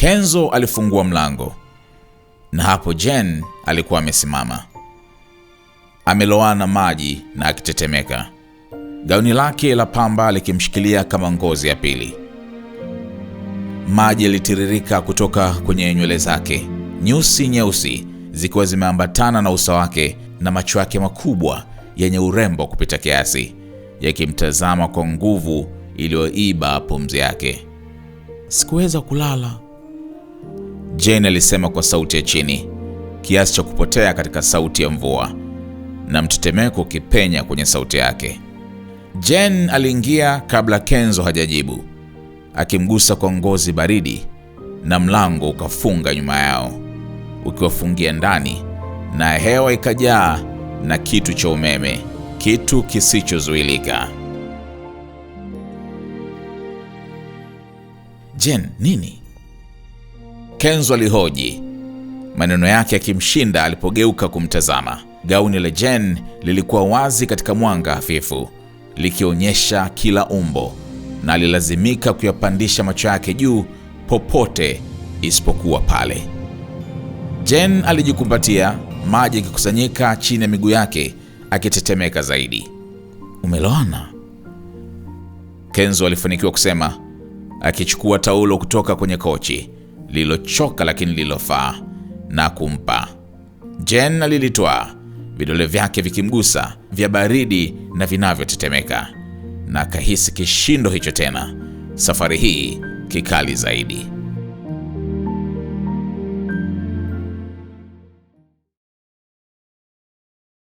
Kenzo alifungua mlango na hapo Jen alikuwa amesimama amelowana maji na akitetemeka, gauni lake la pamba likimshikilia kama ngozi ya pili. Maji yalitiririka kutoka kwenye nywele zake nyusi nyeusi zikiwa zimeambatana na uso wake na macho yake makubwa yenye urembo kupita kiasi yakimtazama kwa nguvu iliyoiba pumzi yake. Sikuweza kulala, Jane alisema kwa sauti ya chini, kiasi cha kupotea katika sauti ya mvua na mtetemeko ukipenya kwenye sauti yake. Jane aliingia kabla Kenzo hajajibu, akimgusa kwa ngozi baridi, na mlango ukafunga nyuma yao, ukiwafungia ndani, na hewa ikajaa na kitu cha umeme, kitu kisichozuilika. Jane, nini? Kenzo alihoji, maneno yake yakimshinda alipogeuka kumtazama. Gauni la Jen lilikuwa wazi katika mwanga hafifu, likionyesha kila umbo, na alilazimika kuyapandisha macho yake juu popote isipokuwa pale. Jen alijikumbatia, maji yakikusanyika chini ya miguu yake, akitetemeka zaidi. Umeloana? Kenzo alifanikiwa kusema, akichukua taulo kutoka kwenye kochi lililochoka lakini lililofaa na kumpa. Jen alilitwaa, vidole vyake vikimgusa, vya baridi na vinavyotetemeka, na akahisi kishindo hicho tena, safari hii kikali zaidi.